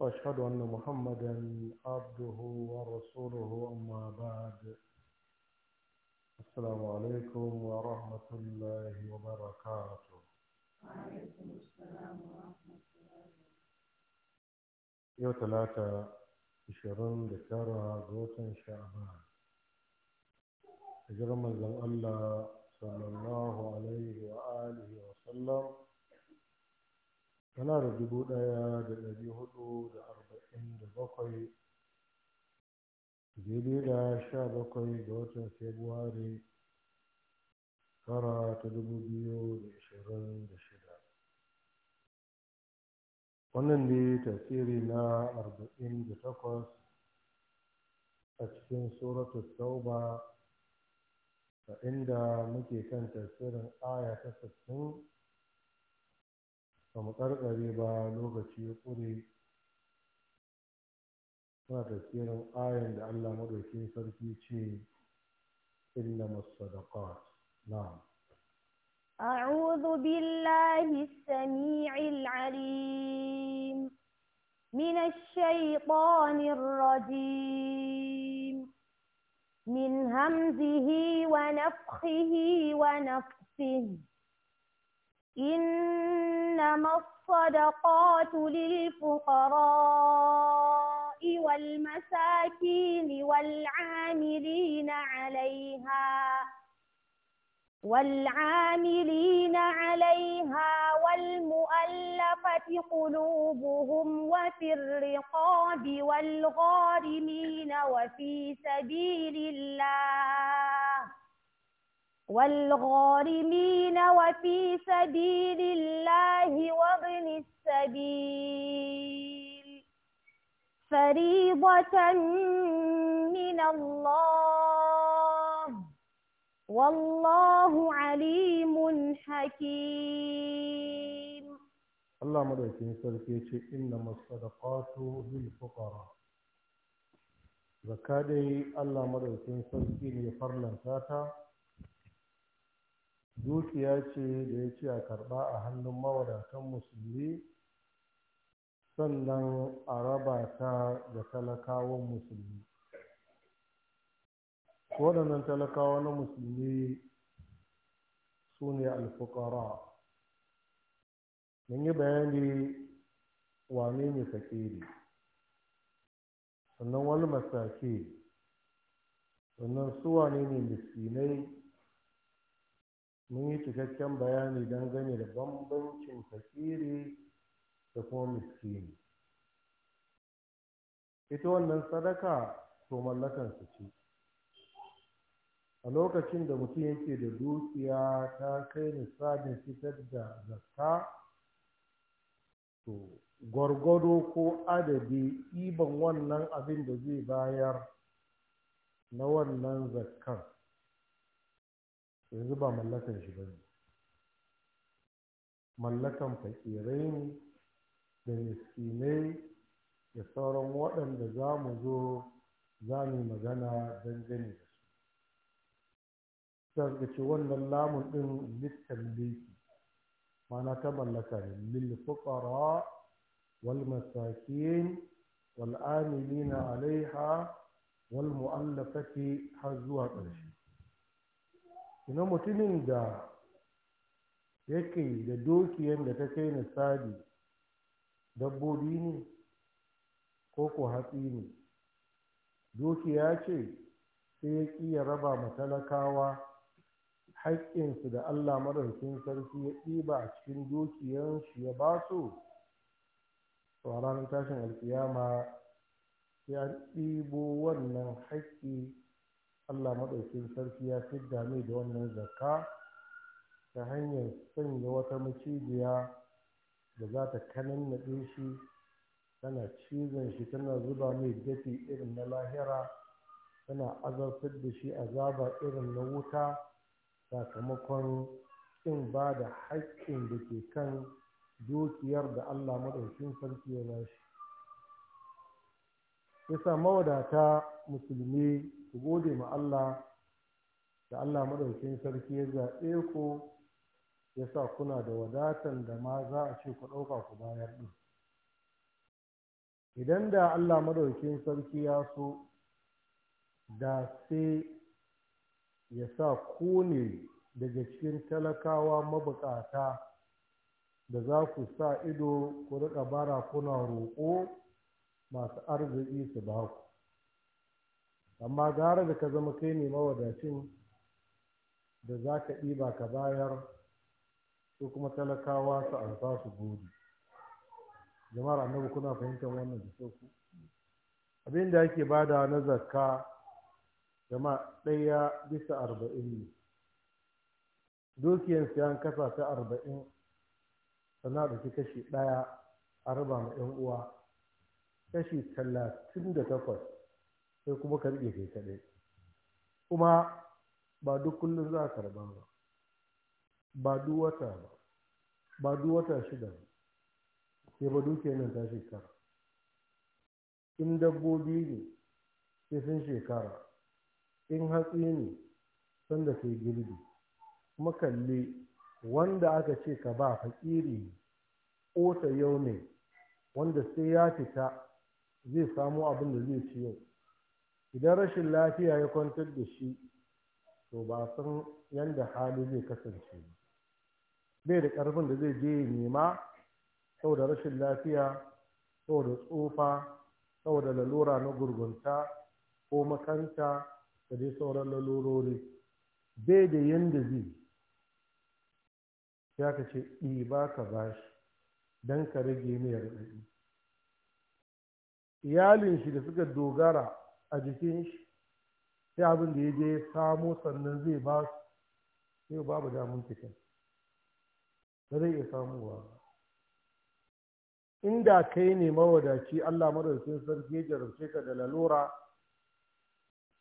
وأشهد أن محمدا عبده ورسوله أما بعد السلام عليكم ورحمة الله وبركاته وعليكم السلام ورحمة الله يوم ثلاثة عشرين لترى غوث شعبان أجر الله صلى الله عليه وآله وسلم tana da dubu ɗaya da ɗari hudu da arba'in da bakwai daidai da sha bakwai ga watan februari tara ta dubu biyu da ashirin da shida wannan ne tasiri na arba'in da takwas a cikin suratu tauba a inda muke kan tasirin aya ta sittin ba mu karkare ba lokaci ya ƙure suna tafsirin ayan da Allah maɗaukin sarki ce inna masadaqat na'am أعوذ بالله السميع العليم من الشيطان الرجيم من همزه ونفخه ونفسه إنما الصدقات للفقراء والمساكين والعاملين عليها والعاملين عليها والمؤلفة قلوبهم وفي الرقاب والغارمين وفي سبيل الله والغارمين وفي سبيل الله وابن السبيل فريضة من الله والله عليم حكيم الله مدعوكين سركيشي إنما الصدقات للفقراء زكاة الله مدعوكين سركيشي فرلا ساتا dukiya ce da ya ce a karɓa a hannun mawadatan musulmi sannan a raba ta da talakawan musulmi waɗannan talakawa na musulmi su ne alfukara mun yi bayani wane ne fakiri sannan wani masake sannan su wane ne miskinai mun yi cikakken bayani dangane da bambancin fakiri da kuma miskini ita wannan sadaka to mallakansu ce a lokacin da mutum yake da dukiya ta kai misalin fitar da zakka to gwargwado ko adadi ɗiban wannan abin da zai bayar na wannan zakkan yanzu ba mallakan shi ba ne mallakan fakirai ne da miskinai da sauran waɗanda za mu zo za mu magana dangane da su sai ce wannan lamun ɗin littalliki mana ta mallaka ne lil fuqara wal wal amilina alaiha wal mu'allafati har zuwa ƙarshe na mutumin da yake da dukiyar da ta kai misali dabbobi ne ko ko hatsi ne dukiya ce sai ya ƙi ya raba ma talakawa haƙƙinsu da allah madaukin sarki ya ɗiba a cikin shi ya ba su to a ranar tashin alkiyama ya ɗibo wannan haƙƙi Allah maɗaukin sarki ya fidda mai da wannan zakka ta hanyar sanya wata macijiya da za ta na shi tana cizon shi tana zuba mai dafi irin na lahira tana azabtar da shi a azaba irin na wuta sakamakon in ba da haƙƙin da ke kan dukiyar da Allah maɗaukin sarki ya bashi. Yasa mawadata musulmi ku gode ma Allah da Allah madaukin sarki ya zaɓe ku ya sa kuna da wadatan da ma za a ce ku ɗauka ku bayar ɗin idan da Allah madaukin sarki ya so da sai ya sa ku ne daga cikin talakawa mabukata da za ku sa ido ku riƙa bara kuna roƙo masu arziki su ba ku amma gara da ka zama kai ne mawadacin da za ka ɗiba ka bayar ko kuma talakawa su alfa su gudu jama'ar annabi kuna fahimtar wannan da sauku abin da ake bada na zakka jama'a ɗaya bisa arba'in ne dukiyar siyan kasa ta arba'in sana da kashi ɗaya a raba ma 'yan uwa kashi talatin da takwas sai kuma ka rike kai kaɗai kuma ba duk kullum za a karba ba ba duk wata ba ba duk wata shida ba sai ba duke nan ta shekara in dabbobi ne sai sun shekara in hatsi ne sanda kai girbi kuma kalli wanda aka ce ka ba fakiri ƙota yau ne wanda sai ya fita zai samu abin da zai ci yau idan rashin lafiya ya kwantar da shi to ba san yadda hali zai kasance ba bai da ƙarfin da zai je ya nema saboda rashin lafiya saboda tsufa da lalura na gurgunta ko makanta da dai sauran lalurori bai da yadda zai ya ka ce ɗiba ka bashi don ka rage mai raɗaɗi iyalin shi da suka dogara a jikin shi sai abin da ya je ya samo sannan zai ba su sai babu damun cikin, ba zai iya samuwa ba inda kai ne mawadaci Allah madaukakin sarki ya jarabce ka da lalura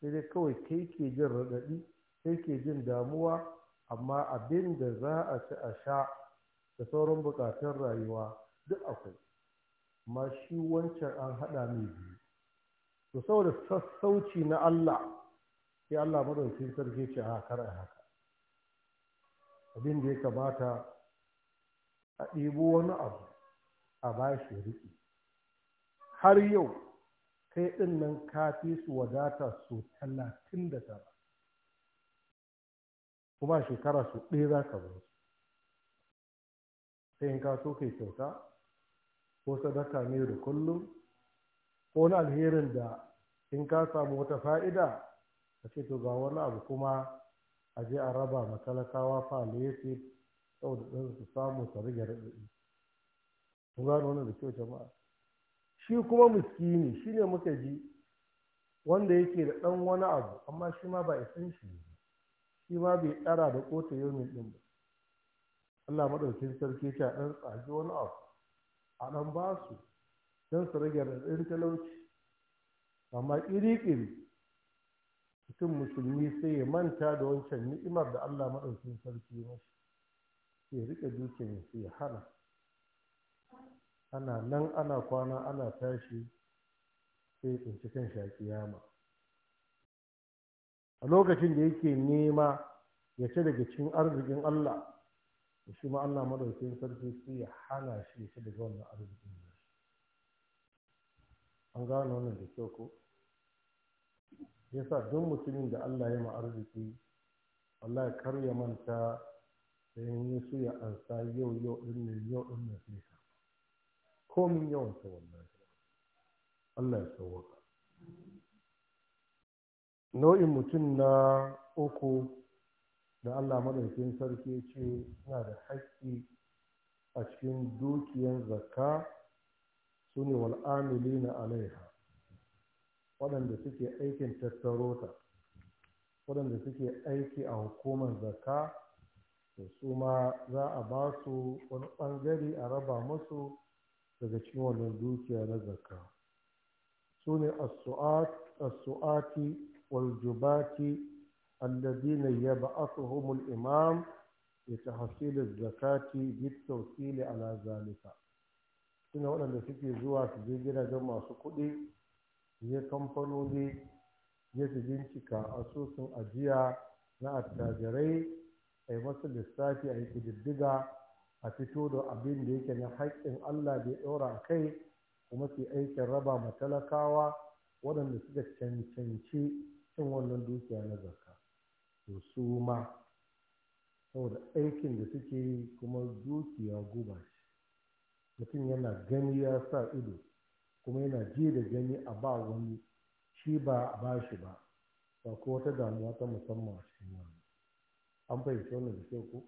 sai dai kawai kai ke jin raɗaɗi kai ke jin damuwa amma abin da za a ci a sha da sauran buƙatun rayuwa duk akwai amma shi wancan an haɗa mai biyu to saboda sassauci na Allah sai Allah madaukakin sarki ce ah, a kar haka abin da ya kamata a ɗibo wani abu a bashi riƙe har yau kai ɗin nan ka fi su wadata su talatin da tara kuma shekara su ɗaya za ka bar sai in ka so kai kyauta ko sadaka ne da kullum ko wani alherin da in ka samu wata fa'ida a ce to ga wani abu kuma a je a raba matalakawa fa palliative saboda ɗan su samu su rage raɗaɗi kun gano wannan da kyau jama'a shi kuma miskini shi ne muka ji wanda yake da ɗan wani abu amma shi ma ba isan shi shi ma bai ɗara da kota yomin ɗin ba Allah maɗaukin sarki ta ɗan tsage wani abu a ɗan ba su. don su rage raɗin talauci amma ƙiriƙiri mutum musulmi sai ya manta da wancan ni'imar da Allah maɗaukin sarki mashi ya riƙe dukiyar sai ya hana ana nan ana kwana ana tashi sai ya tsinci kan shi a a lokacin da yake nema ya ci daga cikin arzikin Allah shi ma Allah maɗaukin sarki sai ya hana shi ya ci daga wannan arzikin an gane wannan da kyau ko yasa duk mutumin da Allah ya arziki Allah kar ya manta da yin su ya ansa yau yau din ne yau din ne sai ka komin yawan sa wallahi Allah ya sauwaka nau'in mutum na uku da Allah madaukakin sarki ya ce yana da haƙƙi a cikin dukiyar zakka su ne wal'amili na alaiha waɗanda suke aikin tattarota waɗanda suke aiki a hukumar zakka to su ma za a ba su wani ɓangare a raba musu daga cikin wannan dukiya na zakka su ne as-su'ati wal-jubati alladhina yab'athuhum al-imam li tahsil az-zakati bit suna waɗanda suke zuwa su je gidajen masu kuɗi ya kamfanoni ya su bincika asusun ajiya na attajirai a yi masu lissafi a yi kididdiga, a fito da abin da yake na haƙƙin allah da ya ɗora a kai kuma su aikin raba ma talakawa waɗanda suka cancanci cin wannan dukiya na zakka to su ma saboda aikin da suke yi kuma dukiya guba ce mutum yana gani ya sa ido kuma yana ji da gani a ba wani shi ba a ba shi ba ba ko wata damuwa ta musamman a cikin wani an fahimci wannan da kyau ko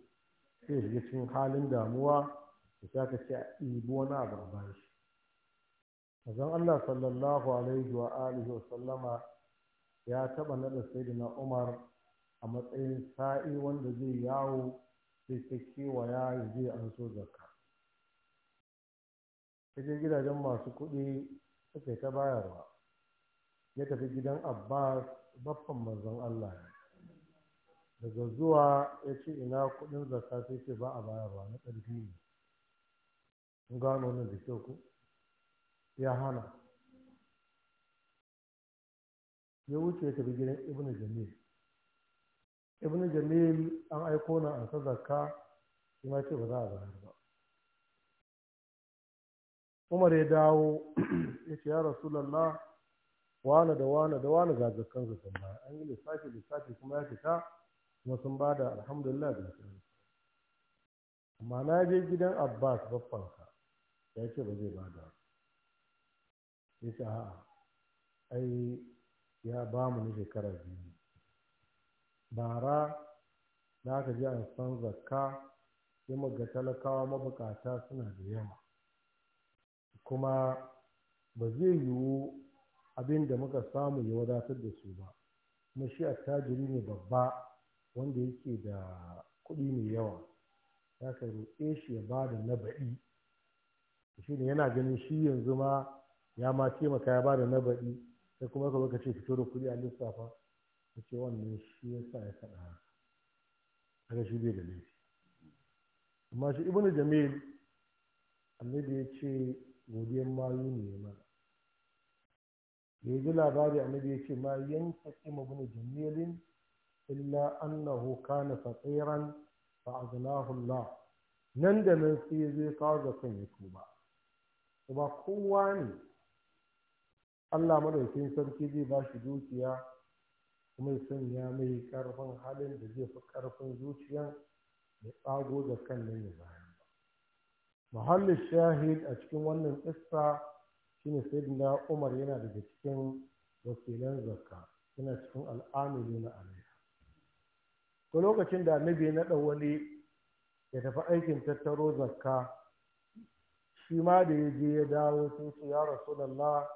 sai shiga cikin halin damuwa da ta ka a ɗibi wani abu a ba shi Mazan Allah sallallahu alaihi wa alihi wa sallama ya taɓa naɗa sayyidina Umar a matsayin sa'i wanda zai yawo sai ta kewaya ya je an so zakka je gidajen masu kuɗi suke ta bayarwa ya tafi gidan abbas baffan manzon allah daga zuwa ya ce ina kuɗin zakka sai ce ba a bayarwa na ƙarfi ne in gano wannan da kyau ku ya hana ya wuce ya tafi gidan ibnu jamil ibnu jamil an aiko na ansa zakka shi ce ba za a bayar umar ya dawo ya ce ya rasulallah wane da wane da wane ga zakkan zakkan baya an yi lissafi lissafi kuma ya fita kuma sun ba da alhamdulillah da mutum amma na je gidan abbas babbanka ya ce ba zai ba da ya ce a'a ai ya ba mu na shekara biyu bara da aka ji an san zakka sai ga talakawa mabukata suna da yawa kuma ba zai yiwu abin da muka samu ya wadatar da su ba kuma shi attajiri ne babba wanda yake da kuɗi mai yawa ya ka roƙe shi ya ba da shi ne yana ganin shi yanzu ma ya ma taimaka ya ba da na baɗi sai kuma ka lokaci fito da kuɗi a lissafa ka ce wannan shi ya sa ya faɗa haka shi bai da laifi amma shi ibnu jamil annabi ya ce godiyar mayu ne mana ya ji labari annabi ya ce ma yanka kima bin jamilin illa annahu kana ba fa aghnahu Allah nan da nan sai ya zai kawo da kan ya tuba ba kowa ne Allah madaukakin sarki zai ba shi dukiya kuma ya sanya mai karfin halin da zai fi karfin zuciya ya tsago da kan nan ya bayan muhallin shahid a cikin wannan kissa shine sayyidina umar yana daga cikin wakilan zakka yana cikin al'amili na alaiha to lokacin da annabi na naɗa wani ya tafi aikin tattaro zakka shi ma da ya je ya dawo sun ce ya rasulallah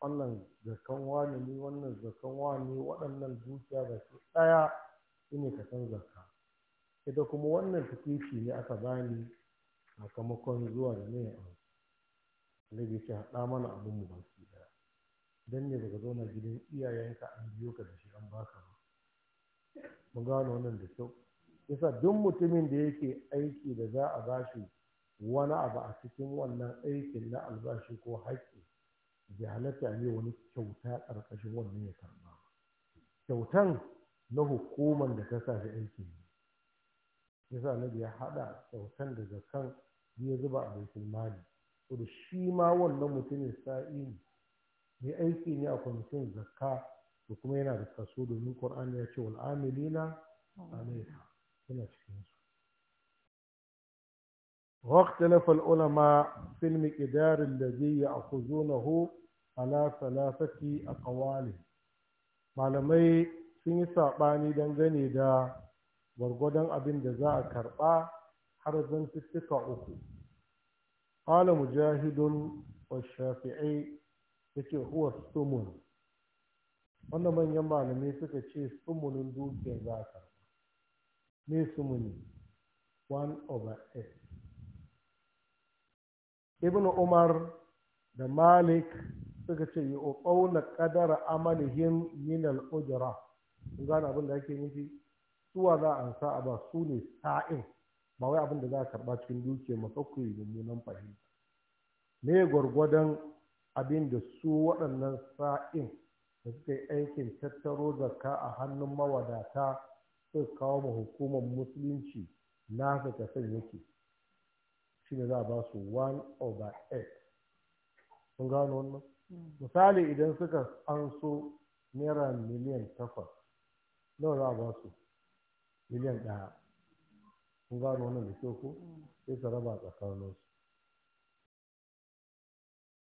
wannan zakan wani ne wannan zakan wani waɗannan dukiya da su ɗaya shine ka san zakka ita kuma wannan shi ne aka bani sakamakon zuwa da ne a annabi ce haɗa mana abin mu ba baki ɗaya dan ne daga zauna gidan iyayenka an biyo ka da shi an baka ba Mu gano wannan da kyau yasa duk mutumin da yake aiki da za a bashi wani abu a cikin wannan aikin na albashi ko haƙƙi bai halatta ne wani kyauta ƙarƙashin wannan ya karɓa kyautan na hukumar da ta sa shi aiki yasa na ya haɗa kyautan da zakan ya zuba a baitul mali to shi ma wannan mutumin sa'in mai aiki ne a kwamitin zakka da kuma yana da kaso domin qur'ani ya ce wal amilina alaiha yana cikin su واختلف العلماء في المقدار الذي يأخذونه على ثلاثة أقوال malamai sun yi saɓani dangane da gwargwadon abin da za a karɓa har zantuttuka uku wa مجاهد والشافعي yace huwa sumun wannan manyan malamai suka ce sumunin dukiyar za a karɓa, me sumuni 1 over 8 ibn umar da malik suka ce yi ƙaunar ƙadar amalihin minal ujira kun gane abin da ake nufi suwa za a ansa a ba su ne sa'in ba wai abin da za a karɓa cikin dukiyar masaukai mummunan fahimta me gwargwadon abin da su waɗannan sa'in da suka yi aikin tattaro zakka a hannun mawadata suka kawo ma hukumar musulunci nasa kasan yake shi ne za a ba su one over eight sun gano wannan hmm. misali idan suka an so naira miliyan takwas nawa za a ba su miliyan ɗaya kun gano wannan da kyau ko mm. sai su raba tsakaninsu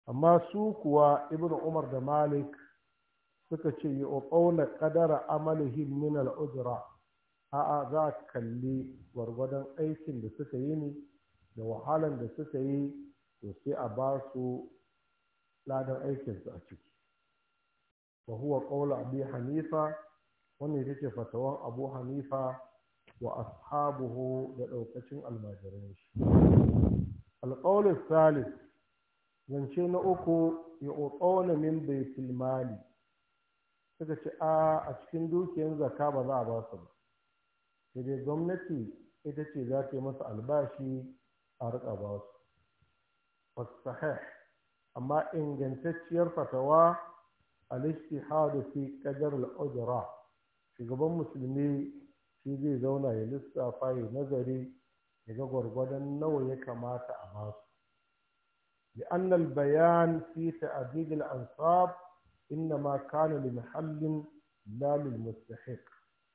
amma su kuwa ibn umar da malik suka ce yi ƙaunar ƙadara amalihim min a a'a za a kalli gwargwadon aikin da suka yi ne da wahalan da suka yi to sai a ba su ladan aikinsu a ciki wa huwa ƙaunar abi hanifa wannan ita ce fatawan abu hanifa wa ashabuhu da ɗaukacin almajiran shi alƙawlis salis zance na uku ya otsona min baitul mali suka ce a a cikin dukiyar zaka ba za a ba su ba sai gwamnati ita ce za ta yi masa albashi a riƙa ba su amma ingantacciyar fatawa al hadu fi qadar al shugaban musulmi shi zai zauna ya lissafa ya nazari ya ga gwargwadon nawa ya kamata a basu لأن البيان في تعديد الأنصاب إنما كان لمحل لا للمستحق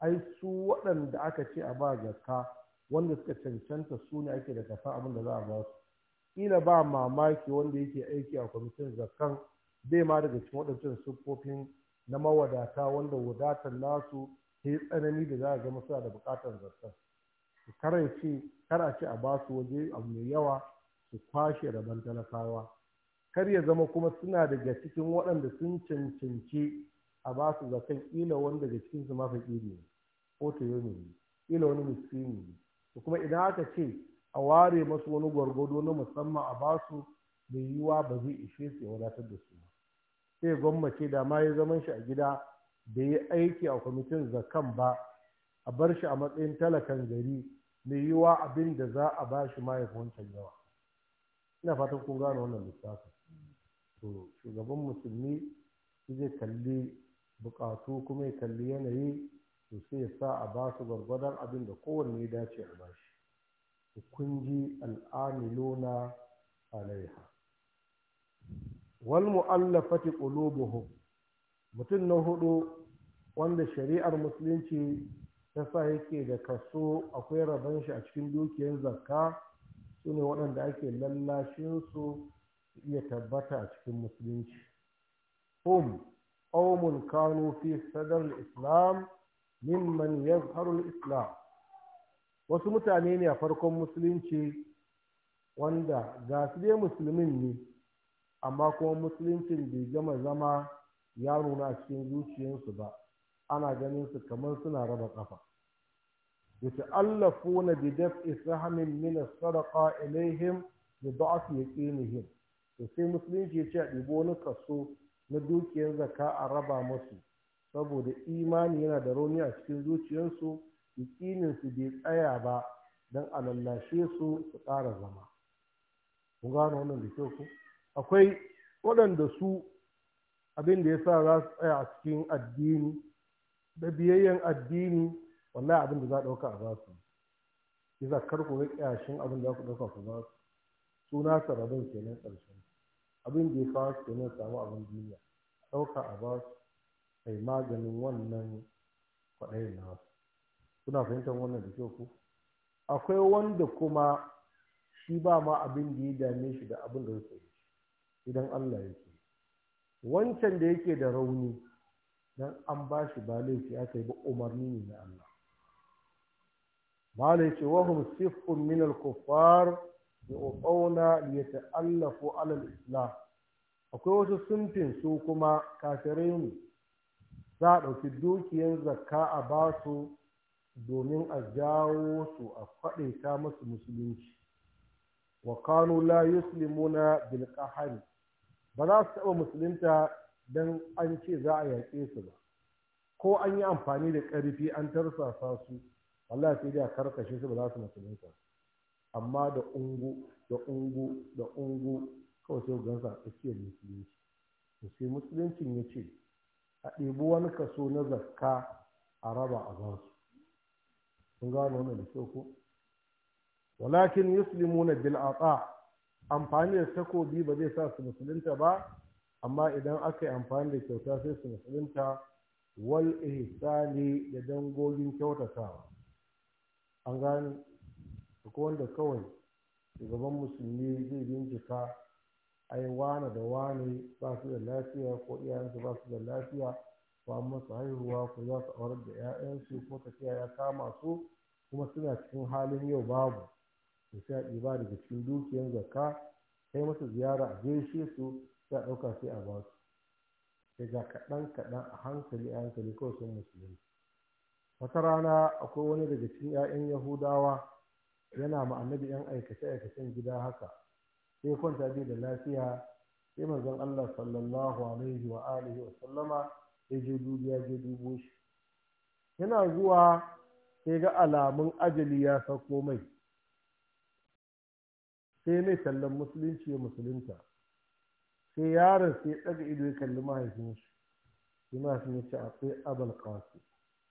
أي su waɗanda aka ce a ba zakka wanda suka cancanta su ne ake da kasan abin da za a ba su ƙila ba mamaki wanda yake aiki a kwamitin zakkan bai ma daga cikin waɗancan siffofin na mawadata wanda wadatar nasu ta yi tsanani da za a zama suna da bukatar zartar su ce ce a ba su waje abu mai yawa su kwashe rabon talakawa kar ya zama kuma suna daga cikin waɗanda sun cancanci a ba su zakan ƙila wani daga cikin su mafi ne ko ta yi ne ƙila wani miskini ne to kuma idan aka ce a ware masu wani gwargwado na musamman a ba su da yiwuwa ba zai ishe su ya wadatar da su ba sai gwammace da ma ya zaman shi a gida da ya aiki a kwamitin zakan ba a bar shi a matsayin talakan gari mai yiwa abin da za a ba shi ma yawa ina fatan kun gane wannan lissafin to shugaban musulmi zai kalli bukatu kuma ya kalli yanayi to sai ya sa a ba su gwargwadon abin da kowanne ya dace a ba shi kun ji al'amilona alaiha wal mu'allafati qulubuhum mutum na hudu wanda shari'ar musulunci ta sa yake da kaso akwai rabon shi a cikin dukiyar zakka su ne waɗanda ake lallashin su iya tabbata a cikin musulunci hum qaumun kanu fi sadar islam mimman yazharu islam wasu mutane ne a farkon musulunci wanda ga su dai musulmin ne amma kuma musuluncin bai gama zama ya nuna a cikin zuciyarsu ba ana ganin su kamar suna raba kafa yata'allafuna bi daf'i isahamin min as-sadaqa ilaihim bi da'fi yaqinihim to sai musulunci ya ce a ɗibo wani kaso na dukiyar zaka a raba musu saboda imani yana da rauni a cikin zuciyarsu su bai tsaya ba dan a lallashe su su ƙara zama. Kun gano wannan da kyau ku? akwai waɗanda su abin da ya sa za su tsaya a cikin addini da biyayyen addini wallahi abin da za a ɗauka a ba su yasa kar ku ga ƙyashin abin da za ku ɗauka ku ba su suna sarabin kenan ƙarshen abin da ya fara su kenan samu abin duniya ɗauka a ba su kai maganin wannan kwaɗayin na kuna fahimtar wannan da kyau ku akwai wanda kuma shi ba ma abin da ya dame shi da abin da sai idan Allah ya yake wancan da yake da rauni dan an ba shi ba laifi aka yi ba umarni ne na Allah malai ce wahum sifun min al-kuffar yu'tawna li yata'allafu 'ala al-islam akwai wasu sunfin su kuma kafirai za a ɗauki dukiyan zakka a ba su domin a jawo su a faɗe ta masu musulunci wa kanu la yuslimuna bil qahari ba za su taɓa musulunta don an ce za a yaƙe su ba ko an yi amfani da ƙarfi an tarsasa su Allah sai dai a karkashe su ba za su musulunta amma da ungu da ungu da ungu kawai sai sa a tsakiyar musulunci to sai musuluncin ya ce a ɗebi wani kaso na zakka a raba a ba su kun gano wannan da kyau ko walakin yuslimuna bil ata amfani da takobi ba zai sa su musulunta ba amma idan aka yi amfani da kyauta sai su musulunta wal ihsani da dangogin kyautatawa an gane ko wanda kawai shugaban musulmi zai bincika ai wane da wane ba su da lafiya ko iyayensu ba su da lafiya ko an masa haihuwa ko za su aurar da 'ya'yansu ko tafiya ya kama su kuma suna cikin halin yau babu da sai a daga cikin dukiyar zakka kai masa ziyara a gaishe su sai a ɗauka sai a ba su sai ga kaɗan kaɗan a hankali a hankali kawai sun musulmi wata rana akwai wani daga cikin 'ya'yan yahudawa yana ma annabi 'yan aikace-aikacen gida haka sai kwanta bai da lafiya sai mazan Allah sallallahu alaihi wa alihi wa sallama ya je dubiya je dubo shi yana zuwa sai ga alamun ajali ya sauko mai sai mai tallan musulunci ya musulunta sai yaron sai ya ɗaga ido ya kalli mahaifin shi sai mahaifin ya ce akwai abal kawasi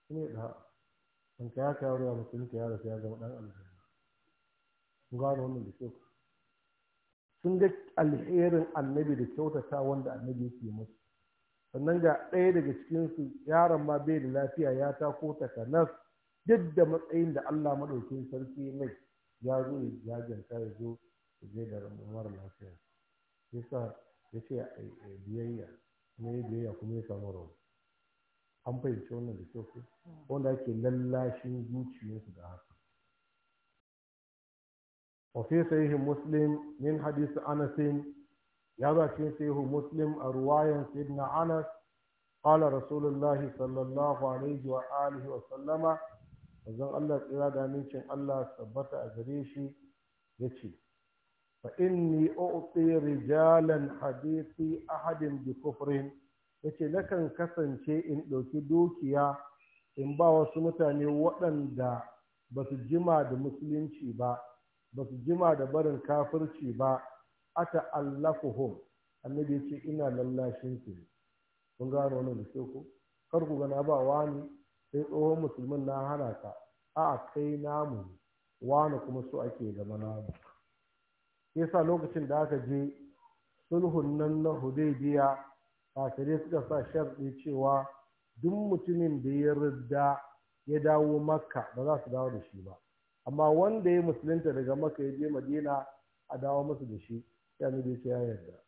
ne da an ka haka yaro ya musulunta yaro sai ya zama ɗan aljanna Sun gano wannan da kyau sun ga alherin annabi da kyautata wanda annabi yake musu sannan ga ɗaya daga cikinsu yaron ma bai da lafiya ya tako takanas duk da matsayin da Allah maɗaukin sarki mai ya zo ya jajanta ya zo zai da mara lafiya yasa ya ce a biyayya kuma ya biyayya kuma ya samu rauni an fahimci wannan da kyau ko hmm. wanda ake lallashin zuciyarsu da haka وفي صحيح مسلم من حديث أنس يضع في صحيح مسلم رواية سيدنا أنس قال رسول الله صلى الله عليه واله وسلم وزن الله إرادة من الله ثبت اجريشي يتشي fa inni u'ti rijalan hadithi ahadin bi kufrin yace nakan kasance in ɗauki dukiya in ba wasu mutane waɗanda ba su jima da musulunci ba ba su jima da barin kafirci ba ata allafuhum annabi ce ina lallashin su kun gano wannan da ku kar ku gana ba wani sai tsohon musulmin na hana ka a kai namu wani kuma su ake zama namu yasa lokacin da aka je sulhun nan na hudaybiya kafirai suka sa sharɗi cewa duk mutumin da ya rida ya dawo makka ba za su dawo da shi ba amma wanda ya musulunta daga makka ya je madina a dawo musu da shi ya nabi sai ya yarda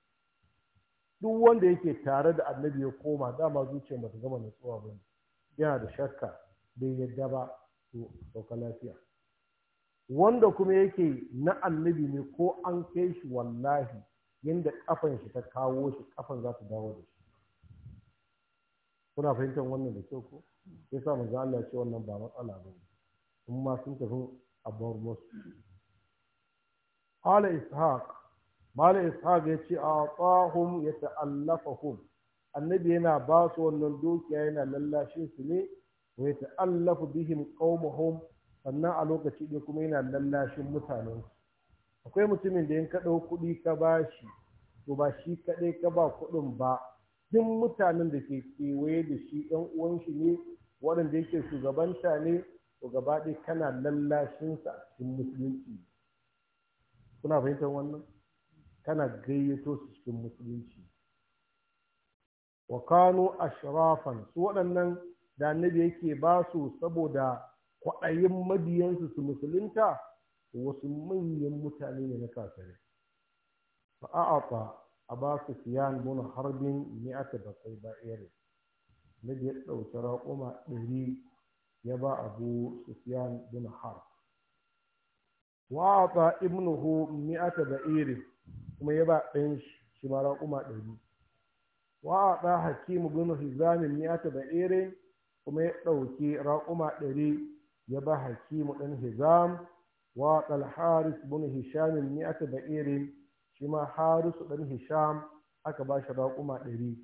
duk wanda yake tare da annabi ya koma dama zuciya mata gama nutsuwa ba yana da shakka bai yarda ba to sauka lafiya wanda kuma yake na annabi ne ko an kai shi wallahi yadda kafan shi ta kawo shi kafan za ta dawo da shi kuna fahimtar wannan da kyau ko ya sa manzo Allah ce wannan ba matsala ba ne in ma sun tafi a bar musu qala ishaq mala ishaq ya ce a tsahum ya annabi yana ba su wannan dukiya yana lallashin su ne wa ya bihin bihim qaumuhum sannan a lokaci ɗaya kuma yana lallashin mutanen akwai mutumin da in ka kuɗi ka ba shi to ba shi kaɗai ka ba kuɗin ba duk mutanen da ke kewaye da shi ɗan uwan shi ne waɗanda yake shugabanta ne to gaba ɗaya kana lallashinsa a cikin musulunci kuna fahimtar wannan kana gayyato su cikin musulunci wa kano ashrafan su waɗannan da annabi yake ba su saboda kwaɗayin mabiyansu su musulunta wasu manyan mutane ne na kafirai fa a ba su siyan muna harbin ne aka da kai ba iri na ya ɗauki raƙuma ɗari ya ba abu su siyan muna Wa wa'ata ibnuhu ne aka da iri kuma ya ba ɗan shi ma raƙuma ɗari Wa wa'ata hakimu bin hizamin ne aka da iri kuma ya ɗauki raƙuma ɗari ya ba hakimu ɗan hizam wa haris bin hisham ne aka ba'irin shi ma harisu ɗan hisham aka ba shi raƙuma ɗari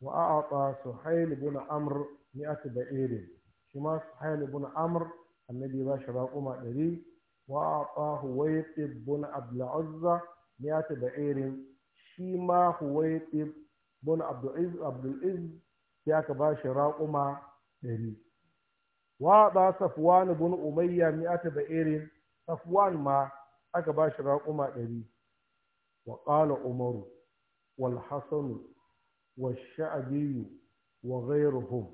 wa a'ata suhail bin amr ne aka ba'irin shi ma suhail bin amr annabi ba shi raƙuma ɗari wa a'ata huwaitib bin abdul'azza ne aka ba'irin shi ma huwaitib bin abdul'iz ya aka ba shi raƙuma ɗari waɗa safwan bin umayya mi'ata ba'irin safwan ma aka ba shi raƙuma ɗari wa ƙala umaru wal hasanu wa sha'abiyu wa ghairuhum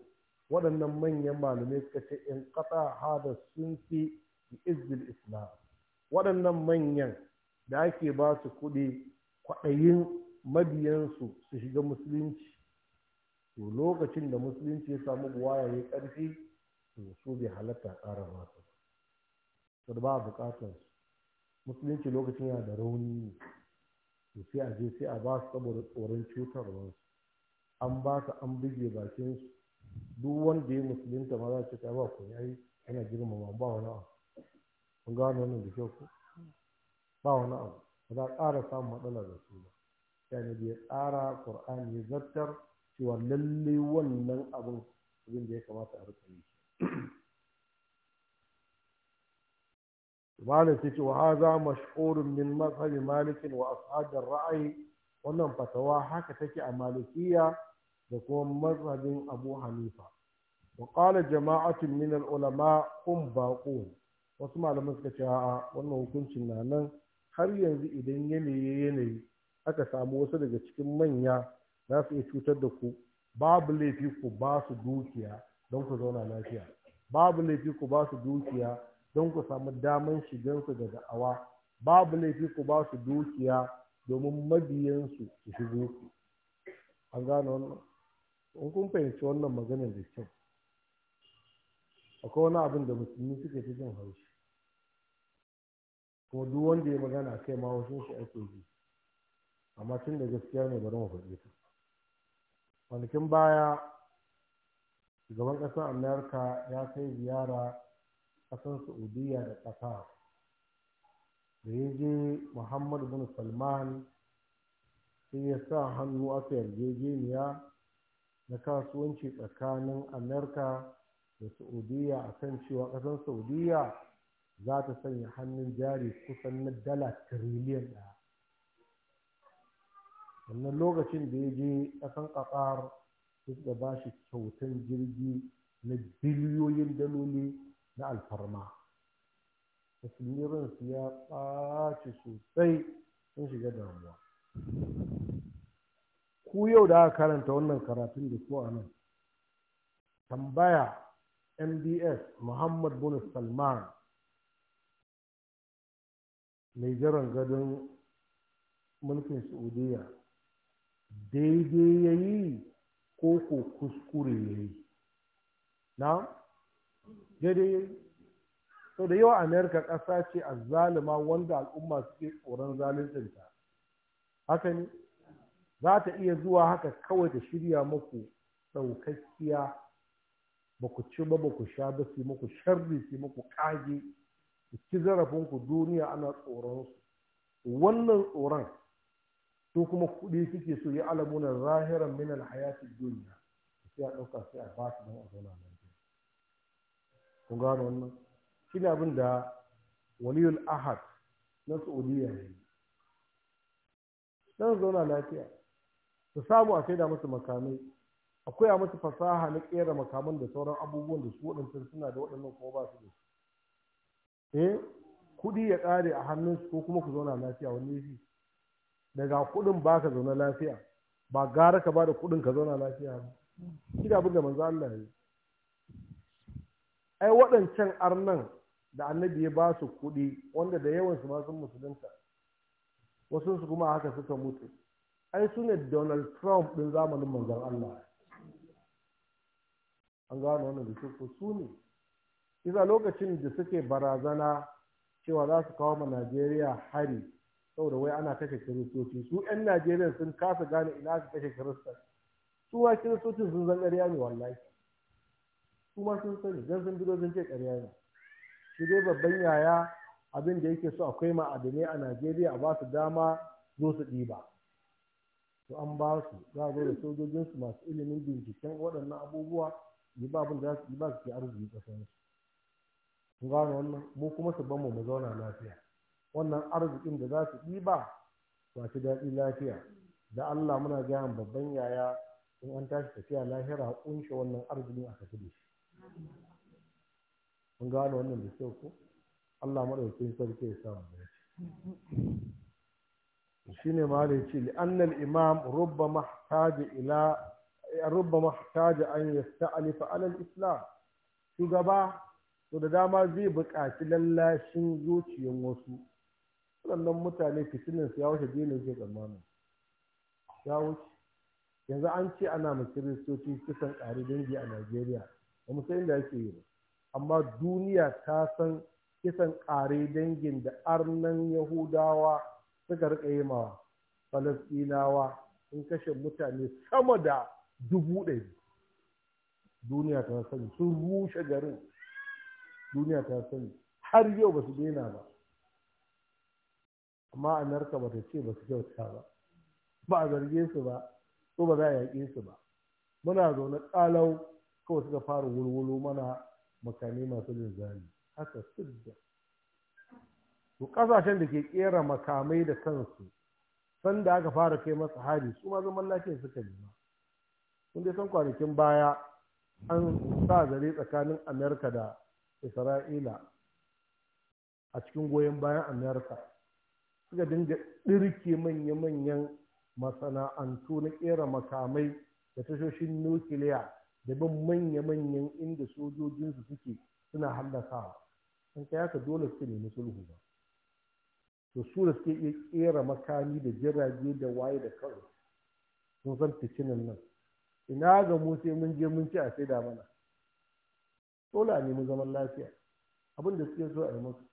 waɗannan manyan malamai suka ce in ƙasa hada sun fi izbil islam waɗannan manyan da ake ba su kuɗi kwaɗayin mabiyansu su shiga musulunci to lokacin da musulunci ya samu buwaya ya ƙarfi su su bai halatta ƙara ba su to ba a buƙatar su musulunci lokacin yana da rauni ne to sai a je sai a ba su saboda tsoron cutarwa su an ba su an buge bakin su duk wanda ya musulunta ma za su ta ba ku yi yana girmama ba wani abu kun gano wannan da kyau ba wani abu ba za a ƙara samun matsala da su ba ne bai tsara ƙur'ani zartar cewa lalle wannan abin abin da ya kamata a rika yi malam sai ce wa haza mashhurun min mazhabi malikin wa ashabir ra'ayi wannan fatawa haka take a malikiya da kuma mazhabin abu hanifa wa qala jama'atun min al-ulama kun baqun wasu malaman suka ce a'a wannan hukuncin na nan har yanzu idan yanayi yanayi aka samu wasu daga cikin manya za su iya cutar da ku babu laifi ku ba su dukiya don ku zauna lafiya babu laifi ku ba su dukiya don ku samu daman shigansu da da'awa babu laifi ku ba su dukiya domin mabiyansu su shigo ku an gane wannan in kun fahimci wannan maganar da kyau akwai wani abin da musulmi suke fi jin haushi kuma duk wanda ya magana kai ma haushin shi ake ji amma tun da gaskiya ne bari mu faɗi ta kwanakin baya shugaban ƙasar amurka ya kai ziyara ƙasar saudiya da ƙasa da ya je muhammad bin salman sai ya sa hannu aka yarjejeniya na kasuwanci tsakanin amurka da saudiya a kan cewa ƙasar saudiya za ta sanya hannun jari kusan na dala tiriliyan ɗaya wannan lokacin da ya je ƙasar ƙasar suka ba shi kyautan jirgi na biliyoyin daloli na alfarma musulmiransu su ya ɓace sosai sun shiga damuwa ku yau da aka karanta wannan karatun da su a nan tambaya mbs muhammad bin salman mai jiran gadon mulkin saudiya daidai ya ko ko kuskure ya yi na daidai sau da yawa amerika ƙasa ce a zalima wanda al'umma suke tsoron zaluncinta haka ne za ta iya zuwa haka kawai ta shirya maku ɗaukakkiya ba ku ci ba ba ku sha ba su muku sharri su muku ƙage ku ci ku duniya ana tsoron su wannan tsoron su kuma kuɗi suke so ya alamunan zahiran min alhayatin dunya sai a ɗauka sai a basu don a zauna nan kun gano wannan shi ne abin da waliyul ahad na saudiya ne dan don zauna lafiya su samu a saida musu makamai a musu fasaha na kera makaman da sauran abubuwan da su waɗancan suna da waɗannan kuma ba su da su eh kuɗi ya ƙare a hannunsu ko kuma ku zauna lafiya wani yafi daga kuɗin ba ka zauna lafiya ba gara ka ba da kuɗin ka zauna lafiya ba shi da abin da manzo Allah ya yi ai waɗancan arnan da annabi ya ba su kuɗi wanda da yawan su ma sun musulunta wasu su kuma haka suka mutu ai su ne Donald Trump din zamanin manzon Allah an gano wannan da su ne Iza lokacin da suke barazana cewa za su kawo ma Najeriya hari saboda wai ana kashe kiristoci su 'yan najeriya sun kasa gane ina aka kashe kiristan su ma kiristoci sun zan ƙarya ne wallahi su ma sun sani don sun biro sun ce ƙarya ne shi dai babban yaya abin da yake so akwai ma'adanai a najeriya a ba su dama zo su ɗiba to an ba su za a zo da sojojinsu masu ilimin binciken waɗannan abubuwa yi ba abin da za su yi ba su ke arziki su kun gane wannan mu kuma su ban mu mu zauna lafiya wannan arzikin da za su ɗiba ba su daɗi lafiya da Allah muna gaya babban yaya in an tashi tafiya lahira kunshe wannan arzikin a tafi da shi mun gano wannan da kyau ko Allah madaukakin sarki ya sa mu dace shine ma da yace li annal imam rubbama hataja ila rubbama hataja an yasta'lifa ala al-islam shugaba to da dama zai buƙaci lallashin zuciyar wasu waɗannan mutane fitinin su ya wuce dinin ke tsammanin ya wuce yanzu an ce ana ma kiristoci kisan ƙari dangi a najeriya ba mu san inda yi ba amma duniya ta san kisan ƙare dangin da arnan yahudawa suka rika yi ma falastinawa sun kashe mutane sama da dubu ɗari duniya ta sani sun rushe garin duniya ta sani har yau ba su daina ba amma amerika ba ta ce ba su kyauta ba ba a zarge su ba ko ba za a yaƙe su ba muna zaune ƙalau kawai suka fara wulwulu mana makami masu linzami haka sidda to ƙasashen da ke ƙera makamai da kansu sanda aka fara kai masa hari su ma zaman lafiya suka nema kun dai san kwanakin baya an sa zare tsakanin amerika da isra'ila a cikin goyon bayan amerika suka dinga ɗirke manya-manyan masana'antu na ƙera makamai da tashoshin nukiliya da bin manya-manyan inda sojojinsu suke suna hallakawa an kai haka dole su nemi sulhu ba to su da suke iya ƙera makami da jirage da waye da kawai sun san ficinin nan ina ga mu sai mun je mun ci a sai da mana dole a nemi zaman lafiya abin da suke so a yi masu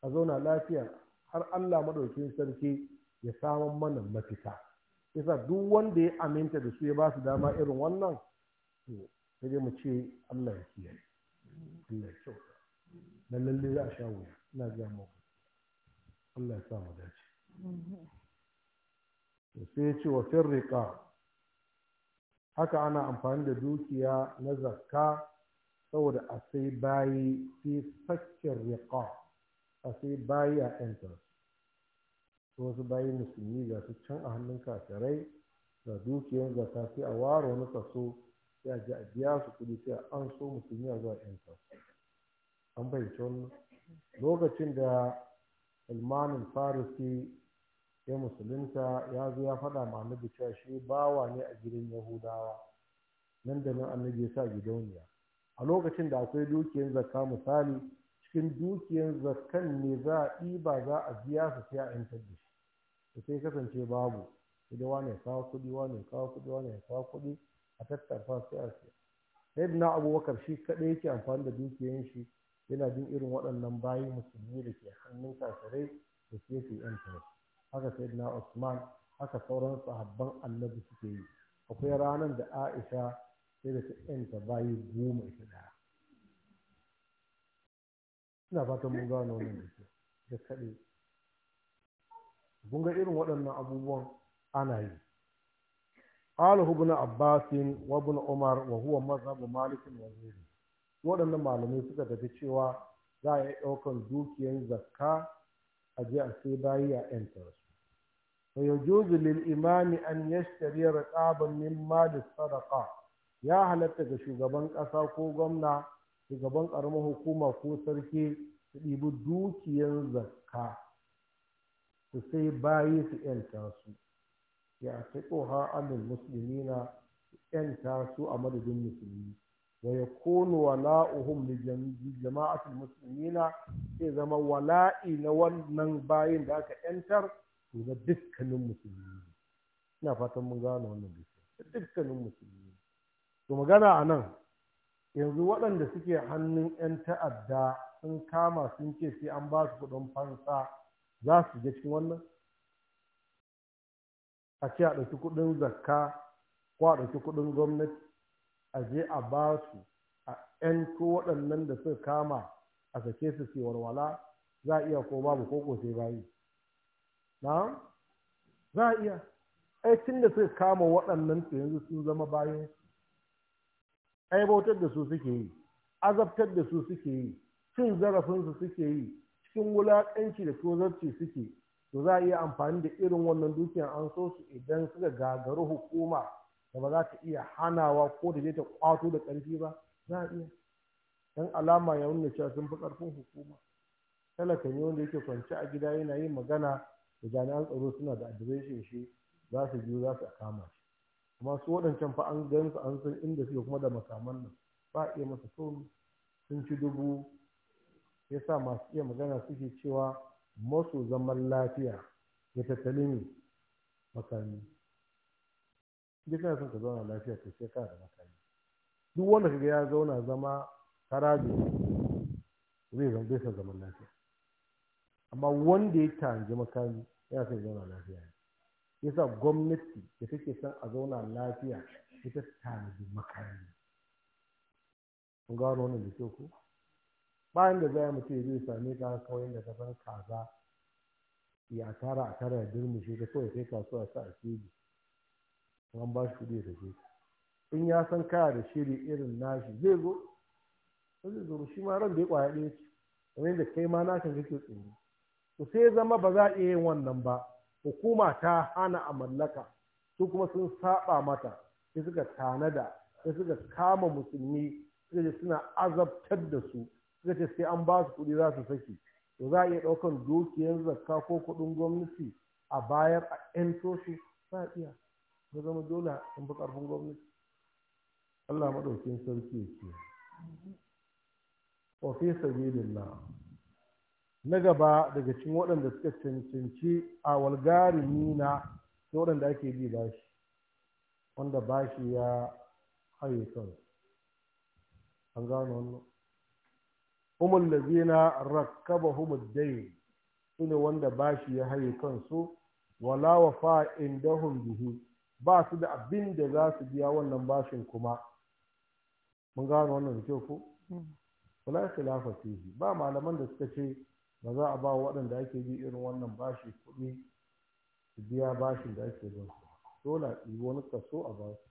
a zauna lafiya har Allah maɗaukin sarki ya samun mana mafita isa duk wanda ya aminta da su ya ba su dama irin wannan to sai dai mu ce Allah ya kiyaye Allah ya kyauta na lalle za a sha wuya ina ga mu Allah ya sa mu dace to sai ya ce wa firriqa haka ana amfani da dukiya na zakka saboda a sai bayi fi sakkin riqa a sai bayi a yanta wasu bayi musulmi ga su can a hannun kafirai ga dukiyar zaka sai a ware wani kaso sai a ji a biya su kuɗi sai an so musulmi a zuwa yanta an fahimci wannan lokacin da ilmanin farisi ya musulunta ya zo ya faɗa ma annabi cewa shi bawa ne a gidan yahudawa nan da nan annabi ya sa gidauniya a lokacin da akwai dukiyar zaka misali cikin dukiyar zakkan ne za a ba za a biya su sai a yantar da shi sai kasance babu idan wani ya kawo kuɗi wani ya kawo kuɗi wani ya kawo kuɗi a tattarfa sai a siya sai na abubakar shi kaɗai yake amfani da dukiyar shi yana jin irin waɗannan bayi musulmi da ke hannun kasarai da ke su yanta haka sai na usman haka sauran sahabban annabi suke yi akwai ranar da aisha sai da ta yanta bayi goma ita ɗaya ina fatan mun gano wannan da ke da kaɗai Mun ga irin waɗannan abubuwan ana yi قاله ابن umar وابن عمر وهو مذهب مالك وغيره waɗannan malamai suka tafi cewa za a yi ɗaukar dukiyar zakka a je a sai bayi a ‘yanta su. Fa yajuzu lil imami an yashtari riqaban min mali sadaqa ya halatta ga shugaban ƙasa ko gwamna shugaban ƙaramin hukuma ko sarki su ɗibi dukiyan zakka su sai bayi su ‘yanta su ya ta ƙoha amin musulmi na su ‘yanta su a madadin musulmi wa ya kono wala'uhum li jama'atul musulmina sai zama wala'i na wannan bayin da aka ‘yantar su na dukkanin musulmi ina fatan mun gane wannan dukkanin musulmi to magana a nan yanzu waɗanda suke hannun 'yan ta'adda sun kama sun ce sai an ba su kuɗin fansa za su je cikin wannan a ce a ɗauki kuɗin zakka ko a ɗauki kuɗin gwamnati a je a ba su a 'yan ko waɗannan da suka kama a sake su ke walwala za a iya ko babu ko sai bayi na za a iya Aikin da suka kama waɗannan yanzu sun zama bayan su aibautar da su suke yi azabtar da su suke yi cin zarafinsu suke yi cikin wulaƙanci da tozarci suke to za a iya amfani da irin wannan dukiyar an so su idan suka gagaru hukuma da ba za ta iya hanawa ko da ta kwato da ƙarfi ba za a iya dan alama ya nuna cewa sun fi ƙarfin hukuma talaka ne wanda yake kwance a gida yana yin magana da jami'an tsaro suna da adireshin shi za su biyo za su kama amma su waɗancan fa an gan su an san inda suke kuma da makaman nan ba a iya masa komi sun ci dubu ya sa masu iya magana suke cewa masu zaman lafiya ya tattali ne makami duk kana son ka zauna lafiya to sai ka da makami duk wanda kaga ya zauna zama karabi zai zama bai san zaman lafiya amma wanda ya tanji makami yana son zauna lafiya ne yasa gwamnati da take son a zauna lafiya ita tanadi makami kun gano wannan da kyau ku. bayan da zai mutum zai same ka kawai da gaban kaza ya tara a tara ya shi, ka kawai kai kasuwa sa a shiri an ba shi kudi da ke in ya san kaya da shiri irin nashi zai zo zai zo shi ma ran da ya kwaya ɗaya ce kamar yadda kai ma nakan kake tsoro to sai zama ba za a iya yin wannan ba hukuma ta hana a mallaka su kuma sun saba mata sai suka tanada sai suka kama musulmi suka ce suna azabtar da su suka ce sai an ba su kuɗi za su saki to za a iya ɗaukar dukiyar zakka ko kuɗin gwamnati a bayar a 'yan su za a iya ya zama dole in bi ƙarfin gwamnati Allah maɗaukin sarki ya ce wa fi sabilillah na gaba daga cikin waɗanda suka cancanci a Walgari nuna da waɗanda ake bi bashi wanda bashi ya haye kansu an gano wannan da lazina rakaba humar dai su ne wanda bashi ya haye kansu wala fa’in indahum bihi ba su da abin da za su biya wannan bashin kuma mun gano wannan da kyau ko hmm. wala khilafa fihi ba malaman da suka ce ba za a ba waɗanda ake bi irin wannan bashi kuɗi su biya bashin da ake bin su dole a ɗi wani kaso a ba su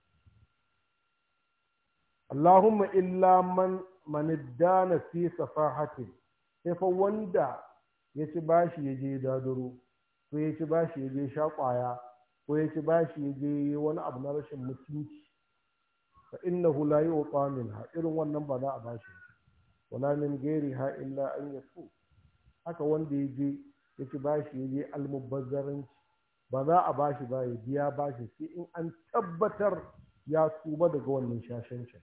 Allahumma illa man maniddana fi safahatin sai fa wanda ya ci bashi ya je dadaro ko ya ci bashi ya je sha ƙwaya ko ya ci bashi ya je wani abu na rashin mutunci fa innahu la yu'ta ha irin wannan ba za a bashi wala min ha illa an yafu haka wanda ya je ya ci bashi ya je almubazzaranci ba za a bashi ba ya biya bashi sai in an tabbatar ya tuba daga wannan shashancin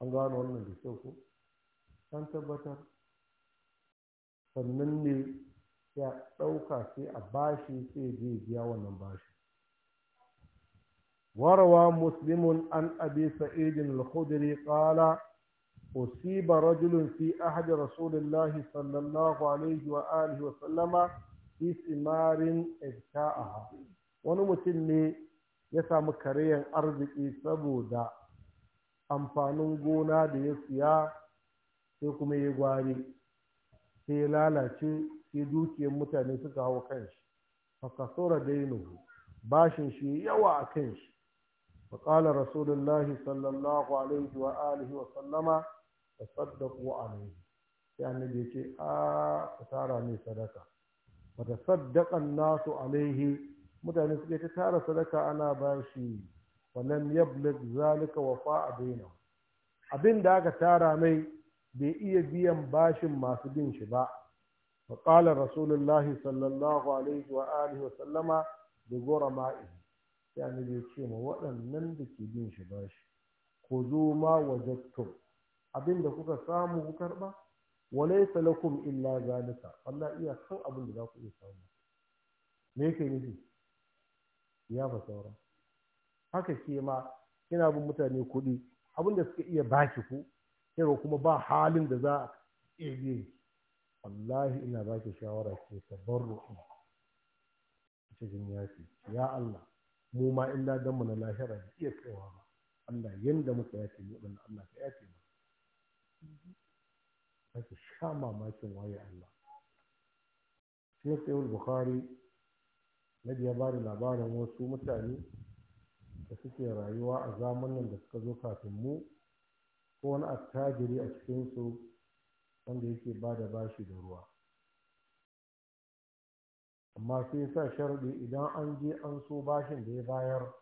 an gano wannan da kyau ko an tabbatar sannan ne ya ɗauka sai a bashi sai ya je ya biya wannan bashi وروى مسلم عن أبي سعيد الخدري قال أصيب رجل في أحد رسول الله صلى الله عليه وآله وسلم في ثمار ابتاعها wani mutum ne ya samu karayen arziki saboda amfanin gona da ya siya sai kuma ya gwari sai ya lalace sai dukiyar mutane suka hau kan shi fakasora dainu bashin shi yawa a kan shi فقال رسول الله صلى الله عليه tasaddaqu alayhi sai annabi ya ce a ku tara mai sadaka Mata tasaddaqan nasu Alayhi. mutane suke ta tara sadaka ana bashi shi walam yablig zalika wafa bainahu abin da aka tara mai bai iya biyan bashin masu bin shi ba فقال رسول الله صلى الله عليه وآله ma لغرمائه da ke bin shi بين شباش خذوا ما وجدتم abin da kuka samu ku karba walaysa lakum illa zalika Allah iya san abin da za ku iya samu me yake nufi ya fa saura haka ke ma kina bin mutane kuɗi abin da suka iya baki ku sai kuma ba halin da za a iya wallahi ina baki shawara ke tabarru cikin jin ya ya Allah mu ma illa dan mu na lahira iya kaiwa ba Allah yanda muka yace mu dan Allah ka yace mu ake sha mamakin waye Allah sai sayul bukhari na ya ba da labarin wasu mutane da suke rayuwa a zamanin da suka zo kafin mu ko wani attajiri a cikinsu wanda yake ba da bashi da ruwa amma sai sa sharaɗi idan an je an so bashin da ya bayar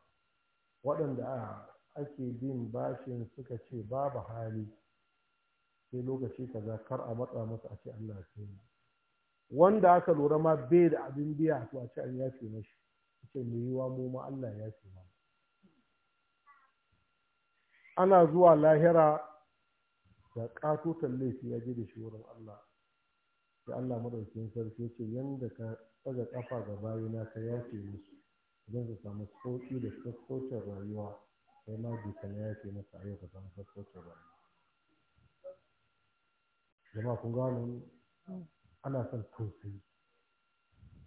waɗanda ake bin bashin suka ce babu hali sai lokaci kaza kar a matsa masa a ce Allah ya yi. wanda aka lura ma bai da abin biya to a ce an yafe mashi ce mu yiwa mu ma Allah ya yafe ma ana zuwa lahira da katotan laifi ya je da shi wurin Allah sai Allah madaukakin sarki ya ce yanda ka tsaga kafa ga bayina ka yafe musu idan ka samu sauki da sassaucin rayuwa sai ma bi ka yafe masa ayyuka samu sassaucin rayuwa jama'a kun gano mm. ana son tausayi